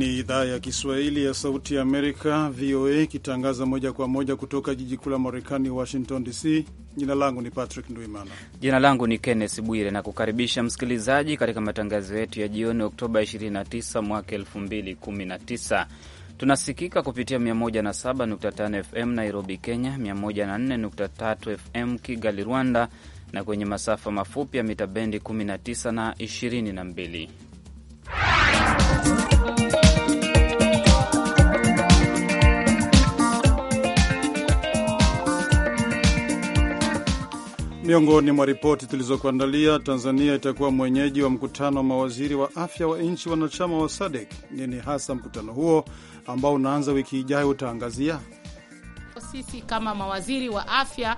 ni idhaa ya Kiswahili ya Sauti ya Amerika, VOA, ikitangaza moja kwa moja kutoka jiji kuu la Marekani, Washington DC. Jina langu ni Patrick Ndwimana. Jina langu ni Kenneth Bwire na kukaribisha msikilizaji katika matangazo yetu ya jioni, Oktoba 29 mwaka 2019. Tunasikika kupitia 107.5 FM Nairobi, Kenya, 104.3 FM Kigali, Rwanda, na kwenye masafa mafupi ya mita bendi 19 na 22. Miongoni mwa ripoti tulizokuandalia, Tanzania itakuwa mwenyeji wa mkutano wa mawaziri wa afya wa nchi wanachama wa SADC. Nini hasa mkutano huo ambao unaanza wiki ijayo utaangazia? Sisi kama mawaziri wa afya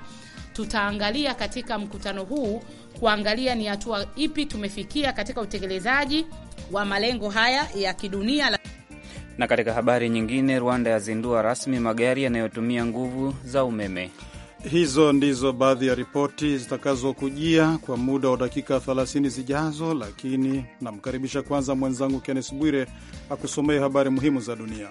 tutaangalia katika mkutano huu kuangalia ni hatua ipi tumefikia katika utekelezaji wa malengo haya ya kidunia. Na katika habari nyingine, Rwanda yazindua rasmi magari yanayotumia nguvu za umeme. Hizo ndizo baadhi ya ripoti zitakazokujia kwa muda wa dakika 30 zijazo, lakini namkaribisha kwanza mwenzangu Kennes Bwire akusomee habari muhimu za dunia.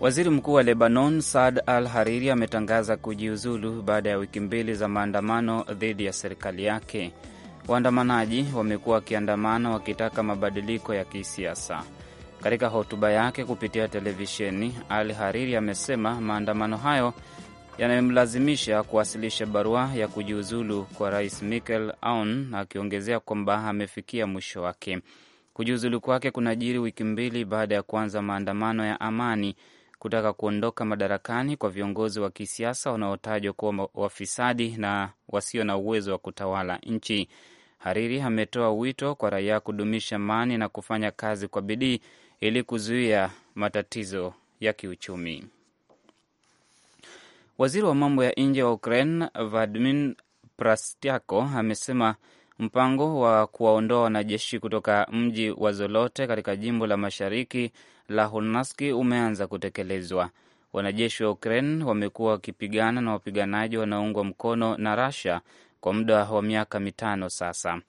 Waziri mkuu wa Lebanon Saad Al Hariri ametangaza kujiuzulu baada ya wiki mbili za maandamano dhidi ya serikali yake. Waandamanaji wamekuwa wakiandamana wakitaka mabadiliko ya kisiasa. Katika hotuba yake kupitia televisheni, Al Hariri amesema maandamano hayo yanayomlazimisha kuwasilisha barua ya kujiuzulu kwa rais Michel Aoun, akiongezea kwamba amefikia mwisho wake. Kujiuzulu kwake kunajiri wiki mbili baada ya kuanza maandamano ya amani kutaka kuondoka madarakani kwa viongozi wa kisiasa wanaotajwa kuwa wafisadi na wasio na uwezo wa kutawala nchi. Hariri ametoa wito kwa raia kudumisha amani na kufanya kazi kwa bidii ili kuzuia matatizo ya kiuchumi. Waziri wa mambo ya nje wa Ukraine Vadmin Prastiako amesema mpango wa kuwaondoa wanajeshi kutoka mji wa Zolote katika jimbo la mashariki la Honaski umeanza kutekelezwa. Wanajeshi wa Ukraine wamekuwa wakipigana na wapiganaji wanaoungwa mkono na Russia kwa muda wa miaka mitano sasa.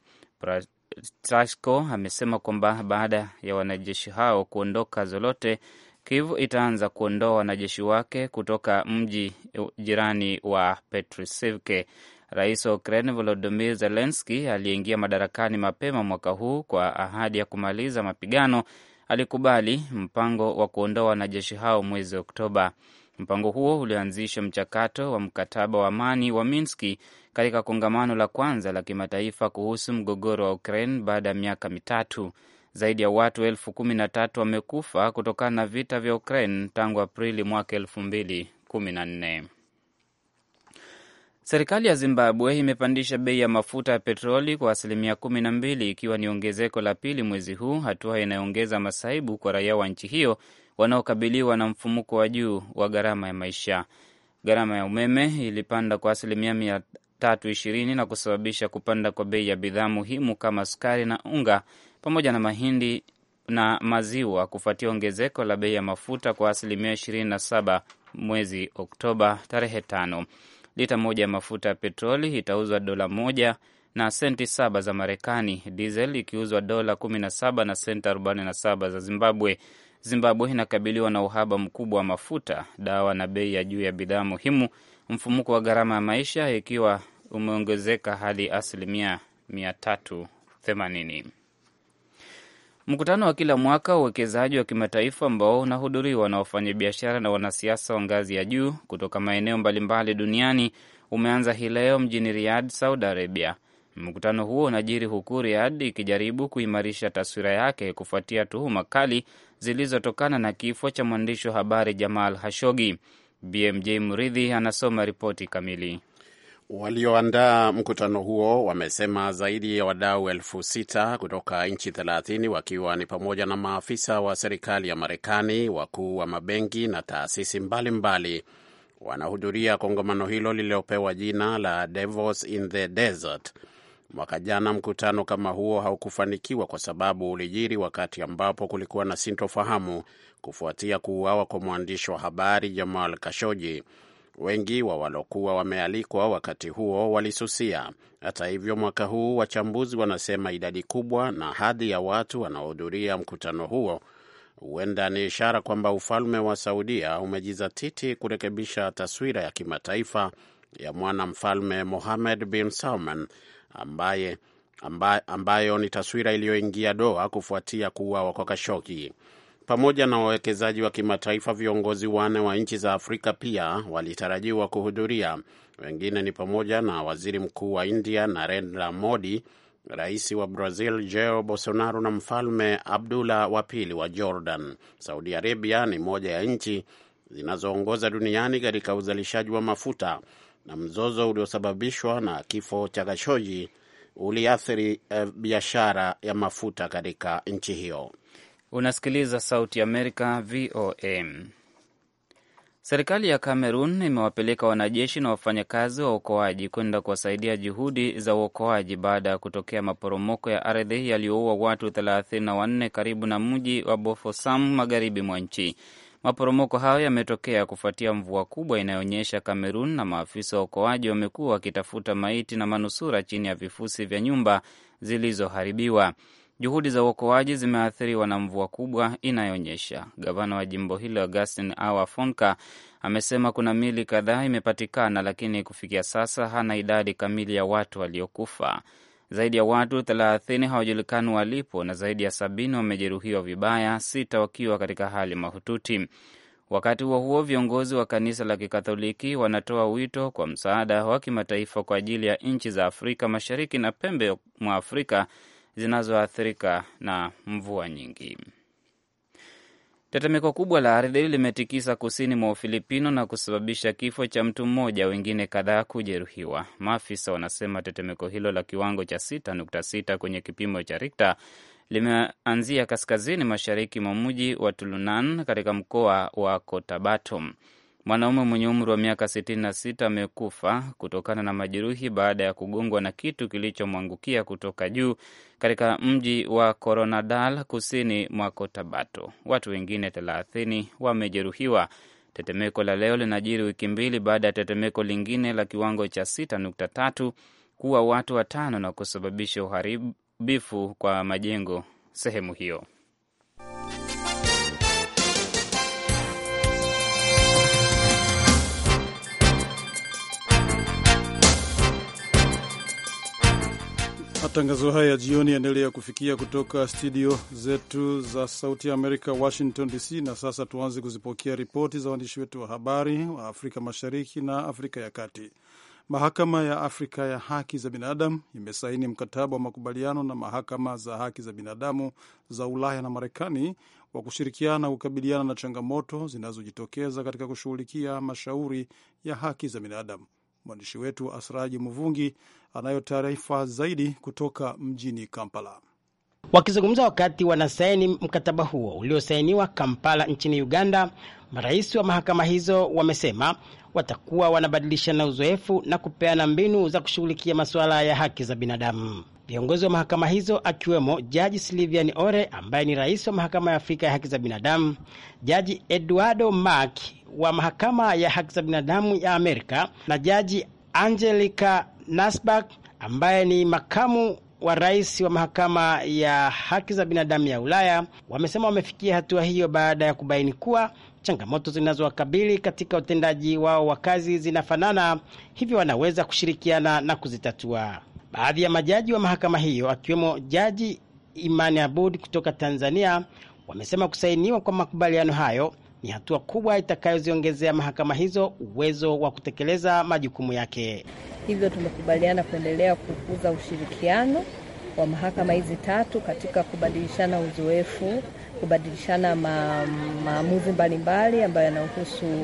Trasco amesema kwamba baada ya wanajeshi hao kuondoka Zolote, Kiev itaanza kuondoa wanajeshi wake kutoka mji jirani wa Petrosivka. Rais wa Ukraine Volodymyr Zelensky aliyeingia madarakani mapema mwaka huu kwa ahadi ya kumaliza mapigano alikubali mpango wa kuondoa wanajeshi hao mwezi Oktoba. Mpango huo ulianzisha mchakato wa mkataba wa amani wa Minski katika kongamano la kwanza la kimataifa kuhusu mgogoro wa Ukraine baada ya miaka mitatu. Zaidi ya watu elfu kumi na tatu wamekufa kutokana na vita vya Ukraine tangu Aprili mwaka elfu mbili kumi na nne. Serikali ya Zimbabwe imepandisha bei ya mafuta ya petroli kwa asilimia kumi na mbili ikiwa ni ongezeko la pili mwezi huu, hatua inayoongeza masaibu kwa raia wa nchi hiyo wanaokabiliwa na mfumuko wa juu wa gharama ya maisha. Gharama ya umeme ilipanda kwa asilimia mia tatu ishirini na kusababisha kupanda kwa bei ya bidhaa muhimu kama sukari na unga pamoja na mahindi na maziwa kufuatia ongezeko la bei ya mafuta kwa asilimia saba mwezi Oktoba tarehe tano. Lita moja ya mafuta ya petroli itauzwa dola moja na senti saba za Marekani, dizeli ikiuzwa dola kumi na senti saba za Zimbabwe. Zimbabwe inakabiliwa na uhaba mkubwa wa mafuta, dawa na bei ya juu ya bidhaa muhimu, mfumuko wa gharama ya maisha ikiwa umeongezeka hadi asilimia 380. Mkutano wa kila mwaka wa uwekezaji wa kimataifa ambao unahudhuriwa na wafanyabiashara na wanasiasa wa ngazi ya juu kutoka maeneo mbalimbali duniani umeanza hii leo mjini riad Saudi Arabia. Mkutano huo unajiri huku riad ikijaribu kuimarisha taswira yake kufuatia tuhuma kali zilizotokana na kifo cha mwandishi wa habari Jamal Hashogi. BMJ Mridhi anasoma ripoti kamili. Walioandaa mkutano huo wamesema zaidi ya wadau elfu sita kutoka nchi thelathini wakiwa ni pamoja na maafisa wa serikali ya Marekani, wakuu wa mabenki na taasisi mbalimbali wanahudhuria kongamano hilo lililopewa jina la Davos in the Desert Mwaka jana mkutano kama huo haukufanikiwa kwa sababu ulijiri wakati ambapo kulikuwa na sintofahamu kufuatia kuuawa kwa mwandishi wa habari Jamal Kashoji. Wengi wa walokuwa wamealikwa wakati huo walisusia. Hata hivyo, mwaka huu wachambuzi wanasema idadi kubwa na hadhi ya watu wanaohudhuria mkutano huo huenda ni ishara kwamba ufalme wa Saudia umejizatiti kurekebisha taswira ya kimataifa ya mwana mfalme Mohammed bin Salman ambaye, ambayo, ambayo ni taswira iliyoingia doa kufuatia kuuawa kwa Kashoki. Pamoja na wawekezaji wa kimataifa, viongozi wanne wa nchi za Afrika pia walitarajiwa kuhudhuria. Wengine ni pamoja na waziri mkuu wa India Narendra Modi, rais wa Brazil Jair Bolsonaro na mfalme Abdullah wa pili wa Jordan. Saudi Arabia ni moja ya nchi zinazoongoza duniani katika uzalishaji wa mafuta na mzozo uliosababishwa na kifo cha Gashoji uliathiri eh, biashara ya mafuta katika nchi hiyo. Unasikiliza Sauti ya Amerika, VOA. Serikali ya Kamerun imewapeleka wanajeshi na wafanyakazi wa uokoaji kwenda kuwasaidia juhudi za uokoaji baada ya kutokea maporomoko ya ardhi yaliyoua watu 34 karibu na mji wa Bofosam magharibi mwa nchi. Maporomoko hayo yametokea kufuatia mvua kubwa inayoonyesha Kamerun, na maafisa wa uokoaji wamekuwa wakitafuta maiti na manusura chini ya vifusi vya nyumba zilizoharibiwa. Juhudi za uokoaji zimeathiriwa na mvua kubwa inayonyesha. Gavana wa jimbo hilo Augustin Awa Fonka amesema kuna mili kadhaa imepatikana, lakini kufikia sasa hana idadi kamili ya watu waliokufa. Zaidi ya watu 30 hawajulikani walipo na zaidi ya sabini wamejeruhiwa vibaya, sita wakiwa katika hali mahututi. Wakati huo huo, viongozi wa kanisa la kikatholiki wanatoa wito kwa msaada wa kimataifa kwa ajili ya nchi za Afrika Mashariki na pembe mwa Afrika zinazoathirika na mvua nyingi. Tetemeko kubwa la ardhi limetikisa kusini mwa Ufilipino na kusababisha kifo cha mtu mmoja, wengine kadhaa kujeruhiwa. Maafisa wanasema tetemeko hilo la kiwango cha 6.6 kwenye kipimo cha Rikta limeanzia kaskazini mashariki mwa mji wa Tulunan katika mkoa wa Cotabato. Mwanaume mwenye umri wa miaka 66 amekufa kutokana na majeruhi baada ya kugongwa na kitu kilichomwangukia kutoka juu katika mji wa Coronadal, kusini mwa Cotabato. Watu wengine 30 wamejeruhiwa. Tetemeko la leo linajiri wiki mbili baada ya tetemeko lingine la kiwango cha 6.3 kuwa watu watano na kusababisha uharibifu kwa majengo sehemu hiyo. Matangazo haya ya jioni yaendelea kufikia kutoka studio zetu za Sauti ya Amerika, Washington DC. Na sasa tuanze kuzipokea ripoti za waandishi wetu wa habari wa Afrika Mashariki na Afrika ya Kati. Mahakama ya Afrika ya Haki za Binadamu imesaini mkataba wa makubaliano na mahakama za haki za binadamu za Ulaya na Marekani wa kushirikiana kukabiliana na changamoto zinazojitokeza katika kushughulikia mashauri ya haki za binadamu. Mwandishi wetu Asraji Muvungi anayo taarifa zaidi kutoka mjini Kampala. Wakizungumza wakati wanasaini mkataba huo uliosainiwa Kampala nchini Uganda, marais wa mahakama hizo wamesema watakuwa wanabadilishana uzoefu na kupeana mbinu za kushughulikia masuala ya haki za binadamu. Viongozi wa mahakama hizo akiwemo Jaji Silivian Ore ambaye ni rais wa mahakama ya Afrika ya haki za binadamu, Jaji Eduardo mak wa mahakama ya haki za binadamu ya Amerika na Jaji Angelica Nasbak ambaye ni makamu wa rais wa mahakama ya haki za binadamu ya Ulaya wamesema wamefikia hatua hiyo baada ya kubaini kuwa changamoto zinazowakabili katika utendaji wao wa kazi zinafanana, hivyo wanaweza kushirikiana na kuzitatua. Baadhi ya majaji wa mahakama hiyo akiwemo Jaji Imani Abud kutoka Tanzania wamesema kusainiwa kwa makubaliano hayo ni hatua kubwa itakayoziongezea mahakama hizo uwezo wa kutekeleza majukumu yake. Hivyo tumekubaliana kuendelea kukuza ushirikiano wa mahakama hizi tatu katika kubadilishana uzoefu, kubadilishana ma, maamuzi mbalimbali ambayo yanahusu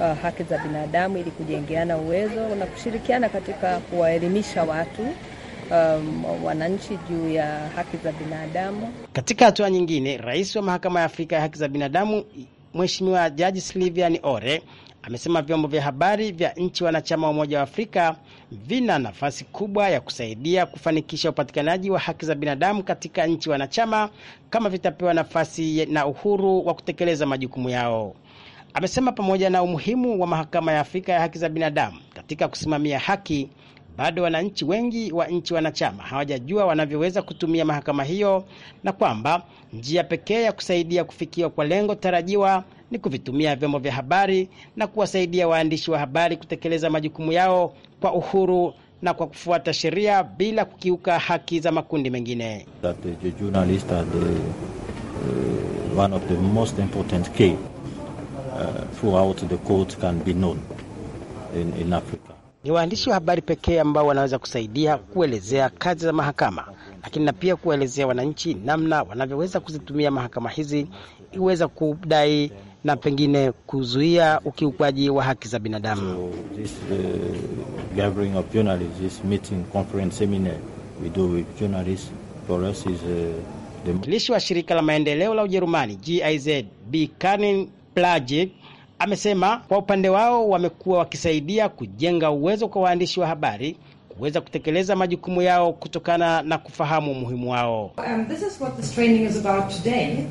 uh, haki za binadamu ili kujengeana uwezo na kushirikiana katika kuwaelimisha watu um, wananchi juu ya haki za binadamu. Katika hatua nyingine, rais wa mahakama ya Afrika ya haki za binadamu Mheshimiwa Jaji slivian Ore amesema vyombo vya habari vya nchi wanachama wa Umoja wa Afrika vina nafasi kubwa ya kusaidia kufanikisha upatikanaji wa haki za binadamu katika nchi wanachama kama vitapewa nafasi na uhuru wa kutekeleza majukumu yao. Amesema pamoja na umuhimu wa mahakama ya Afrika ya haki za binadamu katika kusimamia haki, bado wananchi wengi wa nchi wanachama hawajajua wanavyoweza kutumia mahakama hiyo na kwamba njia pekee ya kusaidia kufikiwa kwa lengo tarajiwa ni kuvitumia vyombo vya habari na kuwasaidia waandishi wa habari kutekeleza majukumu yao kwa uhuru na kwa kufuata sheria bila kukiuka haki za makundi mengine. That the uh, throughout the court can be known in, in Africa. Ni waandishi wa habari pekee ambao wanaweza kusaidia kuelezea kazi za mahakama, lakini na pia kuelezea wananchi namna wanavyoweza kuzitumia mahakama hizi iweza kudai na pengine kuzuia ukiukwaji wa haki za binadamu. So this, uh, gathering of journalists, this meeting, conference, seminar we do with journalists for us is uh, the... Mwakilishi wa shirika la maendeleo la Ujerumani GIZ Bikanin Plage amesema kwa upande wao wamekuwa wakisaidia kujenga uwezo kwa waandishi wa habari kuweza kutekeleza majukumu yao kutokana na kufahamu umuhimu wao. Um, this is what this training is about today.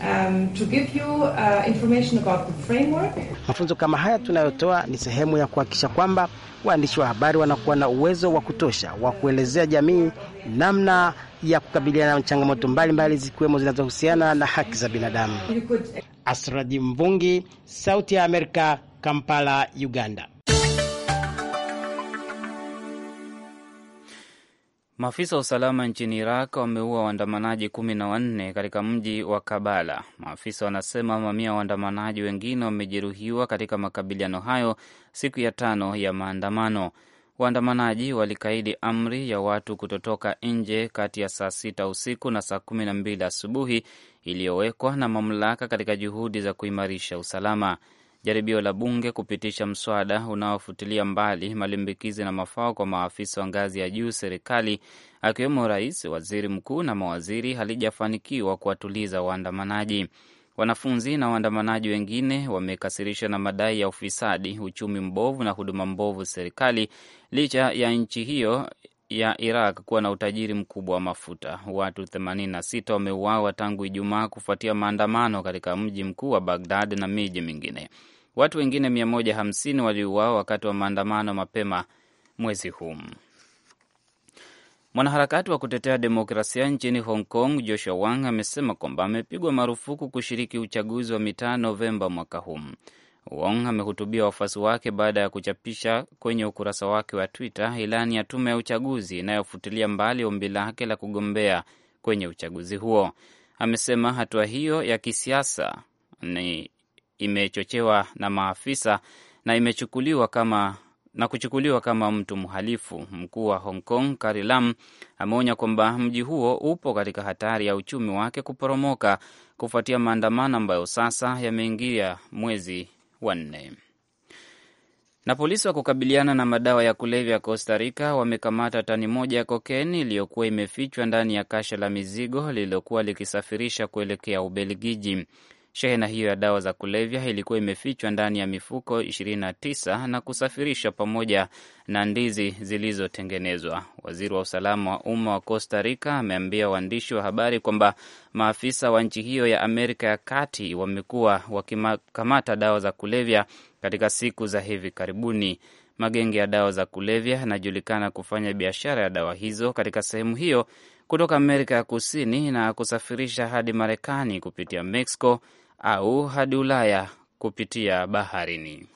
Um, to give you, uh, information about the framework. Mafunzo kama haya tunayotoa ni sehemu ya kuhakikisha kwamba waandishi wa habari wanakuwa na uwezo wa kutosha wa kuelezea jamii namna ya kukabiliana na changamoto mbalimbali zikiwemo zinazohusiana na haki za binadamu. Asraji Mvungi, Sauti ya Amerika, Kampala, Uganda. Maafisa wa usalama nchini Iraq wameua waandamanaji kumi na wanne katika mji wa Kabala. Maafisa wanasema mamia waandamanaji wengine wamejeruhiwa katika makabiliano hayo siku ya tano ya maandamano. Waandamanaji walikaidi amri ya watu kutotoka nje kati ya saa sita usiku na saa kumi na mbili asubuhi iliyowekwa na mamlaka katika juhudi za kuimarisha usalama. Jaribio la bunge kupitisha mswada unaofutilia mbali malimbikizi na mafao kwa maafisa wa ngazi ya juu serikali, akiwemo rais, waziri mkuu na mawaziri halijafanikiwa kuwatuliza waandamanaji. Wanafunzi na waandamanaji wengine wamekasirisha na madai ya ufisadi, uchumi mbovu na huduma mbovu serikali, licha ya nchi hiyo ya Iraq kuwa na utajiri mkubwa wa mafuta. Watu 86 wameuawa tangu Ijumaa kufuatia maandamano katika mji mkuu wa Bagdad na miji mingine. Watu wengine 150 waliuawa wakati wa maandamano mapema mwezi huu. Mwanaharakati wa kutetea demokrasia nchini Hong Kong, Joshua Wang amesema kwamba amepigwa marufuku kushiriki uchaguzi wa mitaa Novemba mwaka huu. Wong amehutubia wafuasi wake baada ya kuchapisha kwenye ukurasa wake wa Twitter ilani ya tume ya uchaguzi inayofutilia mbali ombi lake la kugombea kwenye uchaguzi huo. Amesema hatua hiyo ya kisiasa ni imechochewa na maafisa na imechukuliwa kama na kuchukuliwa kama mtu mhalifu. Mkuu wa Hong Kong Carrie Lam ameonya kwamba mji huo upo katika hatari ya uchumi wake kuporomoka kufuatia maandamano ambayo sasa yameingia mwezi wa nne. Na polisi wa kukabiliana na madawa ya kulevya Costa Rica wamekamata tani moja ya kokeni iliyokuwa imefichwa ndani ya kasha la mizigo lililokuwa likisafirisha kuelekea Ubelgiji. Shehena hiyo ya dawa za kulevya ilikuwa imefichwa ndani ya mifuko 29 na kusafirishwa pamoja na ndizi zilizotengenezwa. Waziri wa usalama wa umma wa Costa Rica ameambia waandishi wa habari kwamba maafisa wa nchi hiyo ya Amerika ya Kati wamekuwa wakikamata dawa za kulevya katika siku za hivi karibuni. Magenge ya dawa za kulevya yanajulikana kufanya biashara ya dawa hizo katika sehemu hiyo kutoka Amerika ya Kusini na kusafirisha hadi Marekani kupitia Mexico au hadi Ulaya kupitia baharini.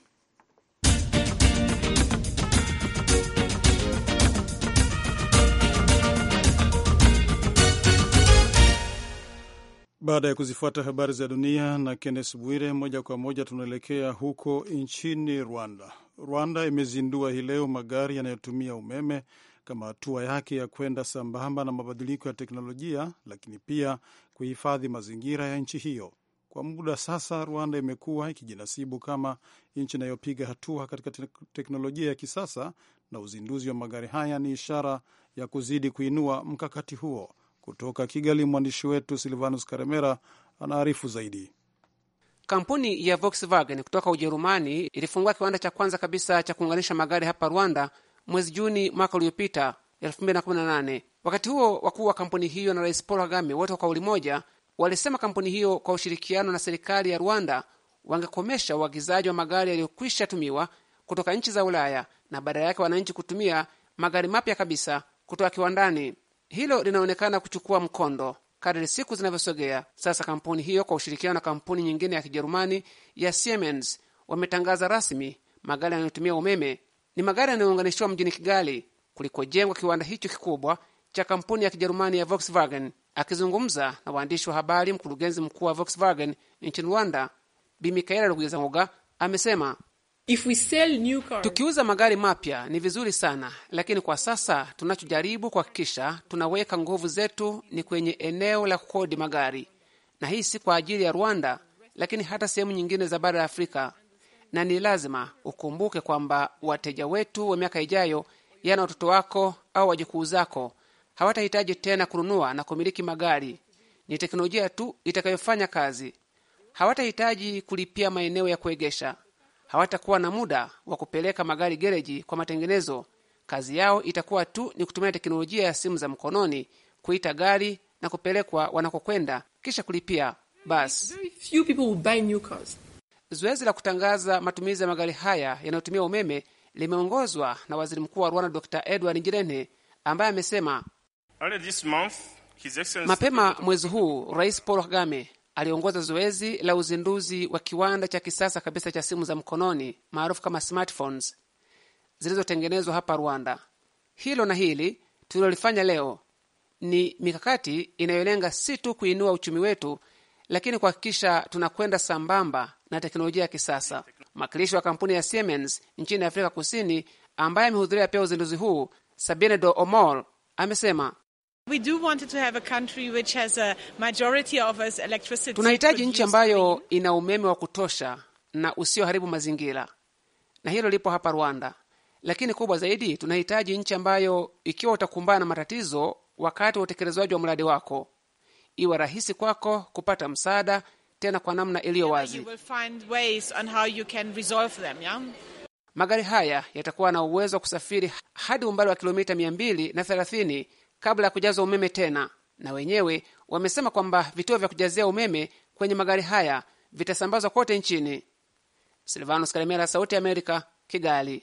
Baada ya kuzifuata habari za dunia na Kennes Bwire, moja kwa moja tunaelekea huko nchini Rwanda. Rwanda imezindua hii leo magari yanayotumia umeme kama hatua yake ya kwenda sambamba na mabadiliko ya teknolojia, lakini pia kuhifadhi mazingira ya nchi hiyo. Kwa muda sasa, Rwanda imekuwa ikijinasibu kama nchi inayopiga hatua katika teknolojia ya kisasa, na uzinduzi wa magari haya ni ishara ya kuzidi kuinua mkakati huo. Kutoka Kigali, mwandishi wetu Silvanus Karemera anaarifu zaidi. Kampuni ya Volkswagen kutoka Ujerumani ilifungua kiwanda cha kwanza kabisa cha kuunganisha magari hapa Rwanda mwezi Juni mwaka uliopita 2018. Wakati huo wakuu wa kampuni hiyo na Rais Paul Kagame wote kwa kauli moja walisema kampuni hiyo kwa ushirikiano na serikali ya Rwanda wangekomesha uagizaji wa magari yaliyokwisha tumiwa kutoka nchi za Ulaya na badala yake wananchi kutumia magari mapya kabisa kutoka kiwandani. Hilo linaonekana kuchukua mkondo kadri siku zinavyosogea. Sasa kampuni hiyo kwa ushirikiano na kampuni nyingine ya Kijerumani ya Siemens wametangaza rasmi magari yanayotumia umeme ni magari yanayounganishiwa mjini Kigali kulikojengwa kiwanda hicho kikubwa cha kampuni ya Kijerumani ya Volkswagen. Akizungumza na waandishi wa habari, mkurugenzi mkuu wa Volkswagen nchini Rwanda Bi Mikaela Rugwizangoga amesema If we sell new cars, tukiuza magari mapya ni vizuri sana, lakini kwa sasa tunachojaribu kuhakikisha tunaweka nguvu zetu ni kwenye eneo la kukodi magari, na hii si kwa ajili ya Rwanda, lakini hata sehemu nyingine za bara la Afrika na ni lazima ukumbuke kwamba wateja wetu wa miaka ijayo, yana watoto wako au wajukuu zako, hawatahitaji tena kununua na kumiliki magari. Ni teknolojia tu itakayofanya kazi. Hawatahitaji kulipia maeneo ya kuegesha, hawatakuwa na muda wa kupeleka magari gereji kwa matengenezo. Kazi yao itakuwa tu ni kutumia teknolojia ya simu za mkononi kuita gari na kupelekwa wanakokwenda, kisha kulipia basi. Zoezi la kutangaza matumizi ya magari haya yanayotumia umeme limeongozwa na waziri mkuu wa Rwanda Dr Edward Ngirente ambaye amesema mapema mwezi huu Rais Paul Kagame aliongoza zoezi la uzinduzi wa kiwanda cha kisasa kabisa cha simu za mkononi maarufu kama smartphones zilizotengenezwa hapa Rwanda. Hilo na hili tulilolifanya leo ni mikakati inayolenga si tu kuinua uchumi wetu, lakini kuhakikisha tunakwenda sambamba na teknolojia ya kisasa. Mwakilishi wa kampuni ya Siemens nchini Afrika Kusini ambaye amehudhuria pia uzinduzi huu, Sabine do Omol, amesema tunahitaji nchi ambayo ina umeme wa kutosha na usioharibu mazingira, na hilo lipo hapa Rwanda. Lakini kubwa zaidi, tunahitaji nchi ambayo ikiwa utakumbana na matatizo wakati wa utekelezwaji wa mradi wako iwe rahisi kwako kupata msaada, tena kwa namna iliyo wazi. Magari haya yatakuwa na uwezo wa kusafiri hadi umbali wa kilomita 230 kabla ya kujazwa umeme tena, na wenyewe wamesema kwamba vituo vya kujazia umeme kwenye magari haya vitasambazwa kote nchini. Silvanos Sauti ya Amerika, Kigali.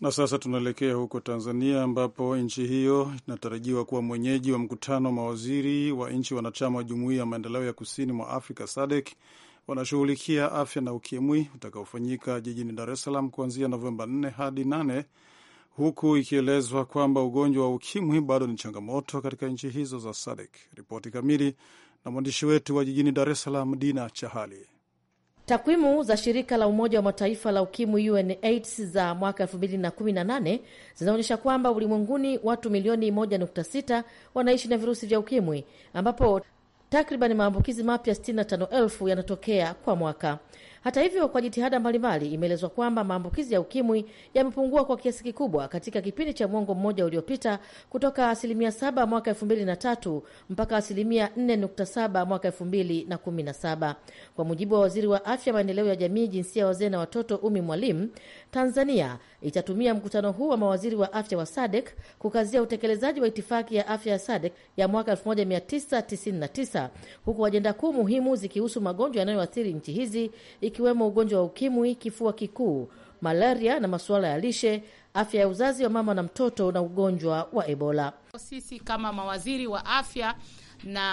Na sasa tunaelekea huko Tanzania ambapo nchi hiyo inatarajiwa kuwa mwenyeji wa mkutano wa mawaziri wa nchi wanachama wa Jumuiya ya Maendeleo ya Kusini mwa Afrika SADC wanashughulikia afya na ukimwi utakaofanyika jijini Dar es Salaam kuanzia Novemba 4 hadi 8 huku ikielezwa kwamba ugonjwa wa ukimwi bado ni changamoto katika nchi hizo za SADC. Ripoti kamili na mwandishi wetu wa jijini Dar es Salaam, Dina Chahali. Takwimu za shirika la Umoja wa Mataifa la Ukimwi, UNAIDS, za mwaka 2018 zinaonyesha kwamba ulimwenguni watu milioni 1.6 wanaishi na virusi vya ukimwi, ambapo takriban maambukizi mapya 65,000 yanatokea kwa mwaka. Hata hivyo, kwa jitihada mbalimbali, imeelezwa kwamba maambukizi ya ukimwi yamepungua kwa kiasi kikubwa katika kipindi cha mwongo mmoja uliopita kutoka asilimia 7 mwaka 2003 mpaka asilimia 4.7 mwaka 2017. Kwa mujibu wa waziri wa afya, maendeleo ya jamii, jinsia, wazee na watoto, Umi Mwalimu, Tanzania itatumia mkutano huu wa mawaziri wa afya wa SADC kukazia utekelezaji wa itifaki ya afya ya SADC ya mwaka 1999 huku ajenda kuu muhimu zikihusu magonjwa yanayoathiri nchi hizi ikiwemo ugonjwa wa ukimwi, kifua kikuu, malaria na masuala ya lishe, afya ya uzazi wa mama na mtoto na ugonjwa wa Ebola. Sisi kama mawaziri wa afya na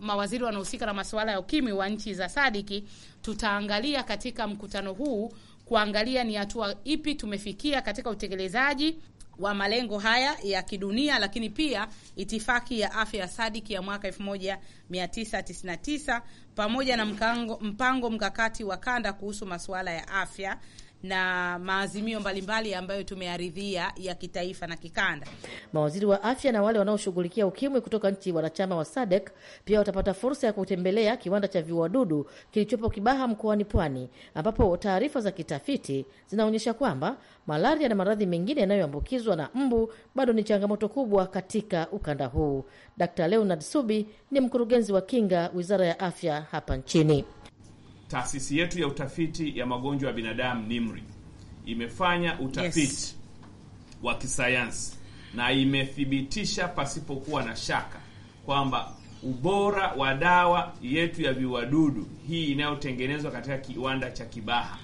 mawaziri wanaohusika na masuala ya ukimwi wa nchi za Sadiki tutaangalia katika mkutano huu kuangalia ni hatua ipi tumefikia katika utekelezaji wa malengo haya ya kidunia, lakini pia itifaki ya afya ya sadiki ya mwaka 1999 pamoja na mkango, mpango mkakati wa kanda kuhusu masuala ya afya na maazimio mbalimbali ambayo tumearidhia ya kitaifa na kikanda. Mawaziri wa afya na wale wanaoshughulikia ukimwi kutoka nchi wanachama wa SADC pia watapata fursa ya kutembelea kiwanda cha viwadudu kilichopo Kibaha mkoani Pwani, ambapo taarifa za kitafiti zinaonyesha kwamba malaria na maradhi mengine yanayoambukizwa na mbu bado ni changamoto kubwa katika ukanda huu. d Leonard Subi ni mkurugenzi wa kinga, Wizara ya Afya hapa nchini taasisi yetu ya utafiti ya magonjwa ya binadamu NIMRI imefanya utafiti yes, wa kisayansi na imethibitisha pasipokuwa na shaka kwamba ubora wa dawa yetu ya viwadudu hii inayotengenezwa katika kiwanda cha Kibaha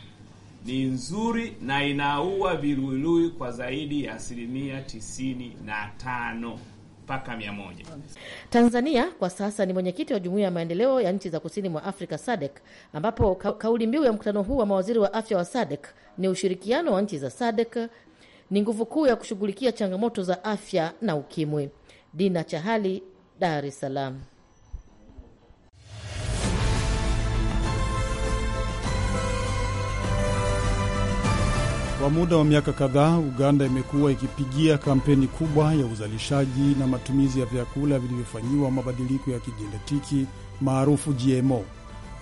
ni nzuri na inaua viluilui kwa zaidi ya asilimia tisini na tano mpaka mia moja. Tanzania kwa sasa ni mwenyekiti wa jumuiya ya maendeleo ya nchi za kusini mwa Afrika SADC, ambapo ka kauli mbiu ya mkutano huu wa mawaziri wa afya wa SADC ni ushirikiano wa nchi za SADC ni nguvu kuu ya kushughulikia changamoto za afya na ukimwi. Dina Chahali, Dar es Salaam. Kwa muda wa miaka kadhaa, Uganda imekuwa ikipigia kampeni kubwa ya uzalishaji na matumizi ya vyakula vilivyofanyiwa mabadiliko ya kijenetiki maarufu GMO.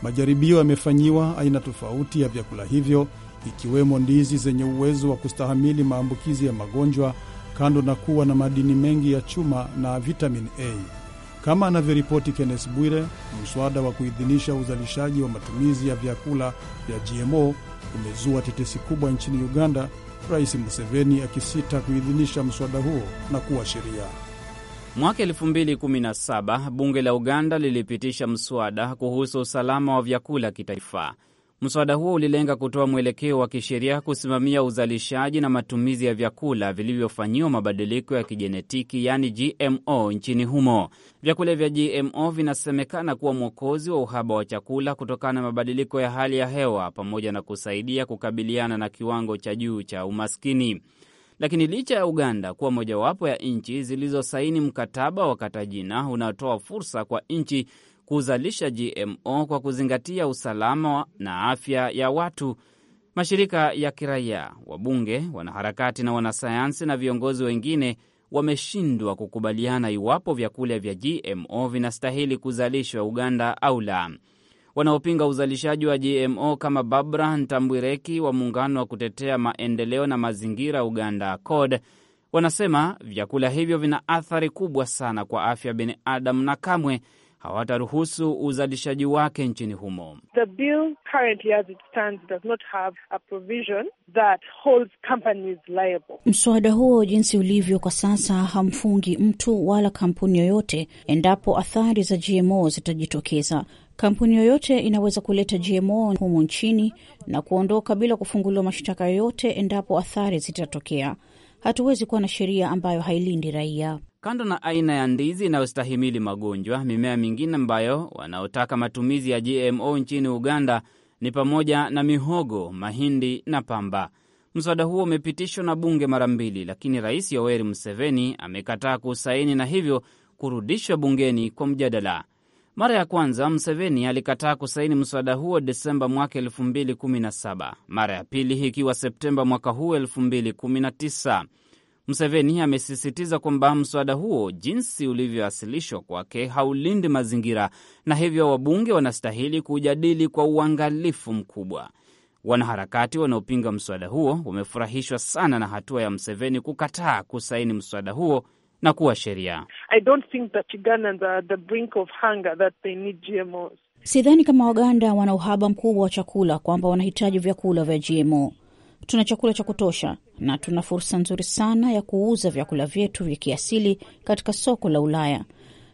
Majaribio yamefanyiwa aina tofauti ya vyakula hivyo, ikiwemo ndizi zenye uwezo wa kustahamili maambukizi ya magonjwa, kando na kuwa na madini mengi ya chuma na vitamin A. Kama anavyoripoti Kennes Bwire, mswada wa kuidhinisha uzalishaji wa matumizi ya vyakula vya GMO umezua tetesi kubwa nchini Uganda, Rais Museveni akisita kuidhinisha mswada huo na kuwa sheria. Mwaka 2017 bunge la Uganda lilipitisha mswada kuhusu usalama wa vyakula kitaifa. Mswada huo ulilenga kutoa mwelekeo wa kisheria kusimamia uzalishaji na matumizi ya vyakula vilivyofanyiwa mabadiliko ya kijenetiki yaani GMO nchini humo. Vyakula vya GMO vinasemekana kuwa mwokozi wa uhaba wa chakula kutokana na mabadiliko ya hali ya hewa pamoja na kusaidia kukabiliana na kiwango cha juu cha umaskini. Lakini licha ya Uganda kuwa mojawapo ya nchi zilizosaini mkataba wa katajina unaotoa fursa kwa nchi kuzalisha GMO kwa kuzingatia usalama na afya ya watu. Mashirika ya kiraia, wabunge, wanaharakati na wanasayansi na viongozi wengine wameshindwa kukubaliana iwapo vyakula vya GMO vinastahili kuzalishwa Uganda au la. Wanaopinga uzalishaji wa GMO kama babra Ntambwireki wa muungano wa kutetea maendeleo na mazingira Uganda cod wanasema vyakula hivyo vina athari kubwa sana kwa afya ya binadamu na kamwe hawataruhusu uzalishaji wake nchini humo. The bill currently as it stands does not have a provision that holds companies liable. Mswada huo jinsi ulivyo kwa sasa hamfungi mtu wala kampuni yoyote endapo athari za GMO zitajitokeza. Kampuni yoyote inaweza kuleta GMO humu nchini na kuondoka bila kufunguliwa mashtaka yoyote endapo athari zitatokea. Hatuwezi kuwa na sheria ambayo hailindi raia. Kando na aina ya ndizi inayostahimili magonjwa, mimea mingine ambayo wanaotaka matumizi ya GMO nchini Uganda ni pamoja na mihogo, mahindi na pamba. Mswada huo umepitishwa na bunge mara mbili, lakini Rais Yoweri Museveni amekataa kusaini na hivyo kurudishwa bungeni kwa mjadala. Mara ya kwanza Museveni alikataa kusaini mswada huo Desemba mwaka 2017, mara ya pili ikiwa Septemba mwaka huu 2019. Museveni amesisitiza kwamba mswada huo jinsi ulivyowasilishwa kwake haulindi mazingira na hivyo wabunge wanastahili kujadili kwa uangalifu mkubwa. Wanaharakati wanaopinga mswada huo wamefurahishwa sana na hatua ya Museveni kukataa kusaini mswada huo na kuwa sheria. Sidhani kama Waganda wana uhaba mkubwa wa chakula kwamba wanahitaji vyakula vya GMO. Tuna chakula cha kutosha na tuna fursa nzuri sana ya kuuza vyakula vyetu vya kiasili katika soko la Ulaya.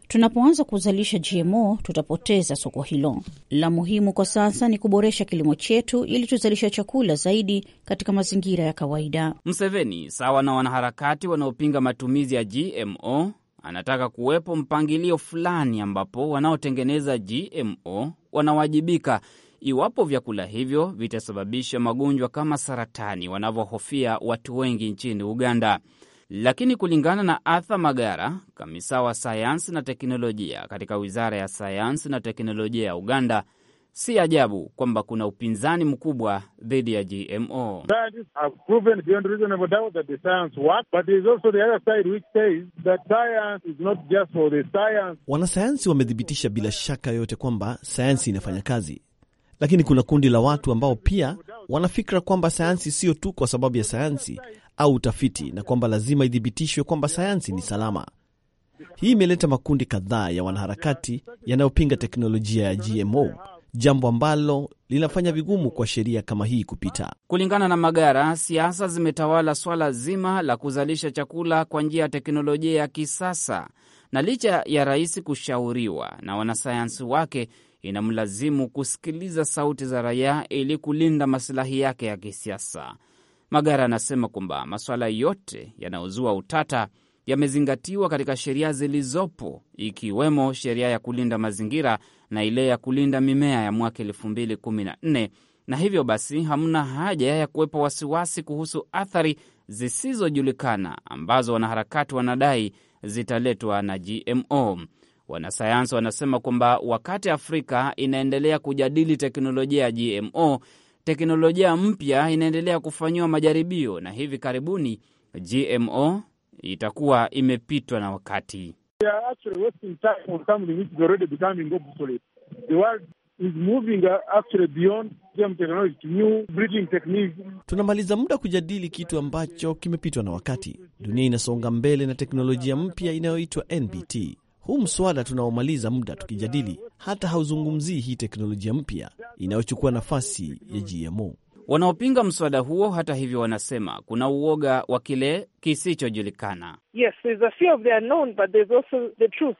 Tunapoanza kuzalisha GMO tutapoteza soko hilo. La muhimu kwa sasa ni kuboresha kilimo chetu ili tuzalisha chakula zaidi katika mazingira ya kawaida. Mseveni, sawa na wanaharakati wanaopinga matumizi ya GMO, anataka kuwepo mpangilio fulani ambapo wanaotengeneza GMO wanawajibika iwapo vyakula hivyo vitasababisha magonjwa kama saratani wanavyohofia watu wengi nchini Uganda. Lakini kulingana na Arthur Magara, kamisa wa sayansi na teknolojia katika wizara ya sayansi na teknolojia ya Uganda, si ajabu kwamba kuna upinzani mkubwa dhidi ya GMO. Wanasayansi wamethibitisha bila shaka yoyote kwamba sayansi inafanya kazi, lakini kuna kundi la watu ambao pia wanafikira kwamba sayansi sio tu kwa sababu ya sayansi au utafiti, na kwamba lazima ithibitishwe kwamba sayansi ni salama. Hii imeleta makundi kadhaa ya wanaharakati yanayopinga teknolojia ya GMO, jambo ambalo linafanya vigumu kwa sheria kama hii kupita. Kulingana na Magara, siasa zimetawala swala zima la kuzalisha chakula kwa njia ya teknolojia ya kisasa, na licha ya rais kushauriwa na wanasayansi wake inamlazimu kusikiliza sauti za raia ili kulinda masilahi yake ya kisiasa. Magara anasema kwamba masuala yote yanayozua utata yamezingatiwa katika sheria zilizopo ikiwemo sheria ya kulinda mazingira na ile ya kulinda mimea ya mwaka 2014 na hivyo basi hamna haja ya kuwepo wasiwasi kuhusu athari zisizojulikana ambazo wanaharakati wanadai zitaletwa na GMO. Wanasayansi wanasema kwamba wakati Afrika inaendelea kujadili teknolojia ya GMO, teknolojia mpya inaendelea kufanyiwa majaribio na hivi karibuni GMO itakuwa imepitwa na wakati. Uh, Tunamaliza muda kujadili kitu ambacho kimepitwa na wakati. Dunia inasonga mbele na teknolojia mpya inayoitwa NBT. Huu mswada tunaomaliza muda tukijadili hata hauzungumzii hii teknolojia mpya inayochukua nafasi ya GMO. Wanaopinga mswada huo, hata hivyo, wanasema kuna uoga wa kile kisichojulikana. Yes,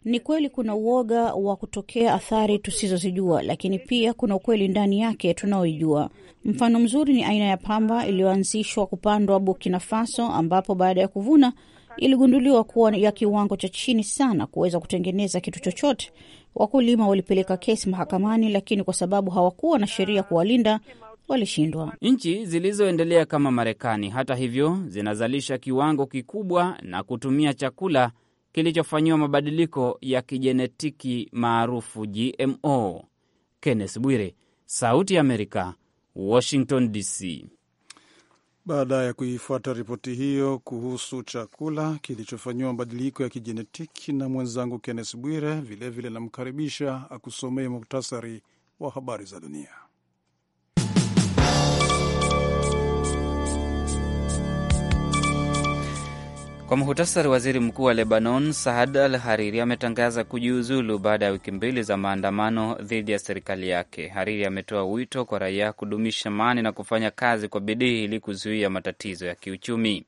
ni kweli kuna uoga wa kutokea athari tusizozijua, lakini pia kuna ukweli ndani yake tunaoijua. Mfano mzuri ni aina ya pamba iliyoanzishwa kupandwa Burkina Faso, ambapo baada ya kuvuna iligunduliwa kuwa ya kiwango cha chini sana kuweza kutengeneza kitu chochote. Wakulima walipeleka kesi mahakamani, lakini kwa sababu hawakuwa na sheria kuwalinda walishindwa. Nchi zilizoendelea kama Marekani, hata hivyo, zinazalisha kiwango kikubwa na kutumia chakula kilichofanyiwa mabadiliko ya kijenetiki maarufu GMO. Kenneth Bwire, Sauti ya Amerika, Washington DC baada ya kuifuata ripoti hiyo kuhusu chakula kilichofanyiwa mabadiliko ya kijenetiki na mwenzangu Kennes Bwire. Vilevile namkaribisha akusomee muktasari wa habari za dunia. Kwa muhtasari, waziri mkuu wa Lebanon Saad Al Hariri ametangaza kujiuzulu baada ya wiki mbili za maandamano dhidi ya serikali yake. Hariri ametoa wito kwa raia kudumisha amani na kufanya kazi kwa bidii ili kuzuia matatizo ya kiuchumi.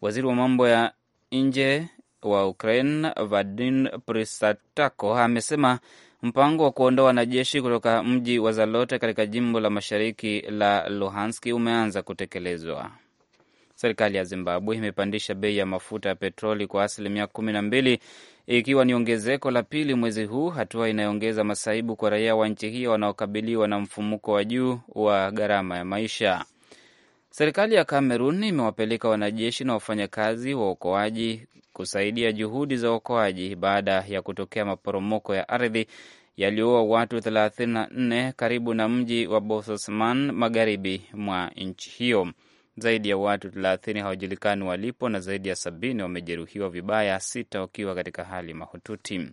Waziri wa mambo ya nje wa Ukraine Vadin Prisatako amesema mpango wa kuondoa wanajeshi kutoka mji wa Zalote katika jimbo la mashariki la Luhanski umeanza kutekelezwa. Serikali ya Zimbabwe imepandisha bei ya mafuta ya petroli kwa asilimia kumi na mbili ikiwa ni ongezeko la pili mwezi huu, hatua inayoongeza masaibu kwa raia wa nchi hiyo wanaokabiliwa na mfumuko wa juu wa gharama ya maisha. Serikali ya Kamerun imewapeleka wanajeshi na wafanyakazi wa uokoaji kusaidia juhudi za uokoaji baada ya kutokea maporomoko ya ardhi yaliyoua watu 34 karibu na mji wa Bososman magharibi mwa nchi hiyo. Zaidi ya watu thelathini hawajulikani walipo na zaidi ya sabini wamejeruhiwa vibaya, sita wakiwa katika hali mahututi.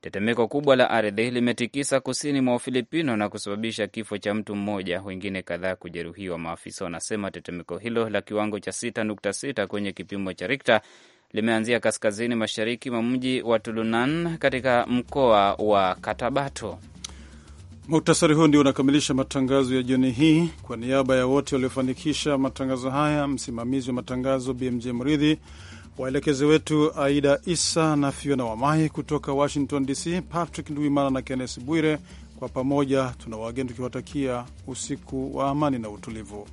Tetemeko kubwa la ardhi limetikisa kusini mwa Ufilipino na kusababisha kifo cha mtu mmoja, wengine kadhaa kujeruhiwa. Maafisa wanasema tetemeko hilo la kiwango cha 6.6 kwenye kipimo cha Rikta limeanzia kaskazini mashariki mwa mji wa Tulunan katika mkoa wa Katabato. Muktasari huu ndio unakamilisha matangazo ya jioni hii. Kwa niaba ya wote waliofanikisha matangazo haya, msimamizi wa matangazo BMJ Mridhi, waelekezi wetu Aida Isa na Fiona Wamai kutoka Washington DC, Patrick Nduimana na Kennes Bwire, kwa pamoja tuna wageni tukiwatakia usiku wa amani na utulivu.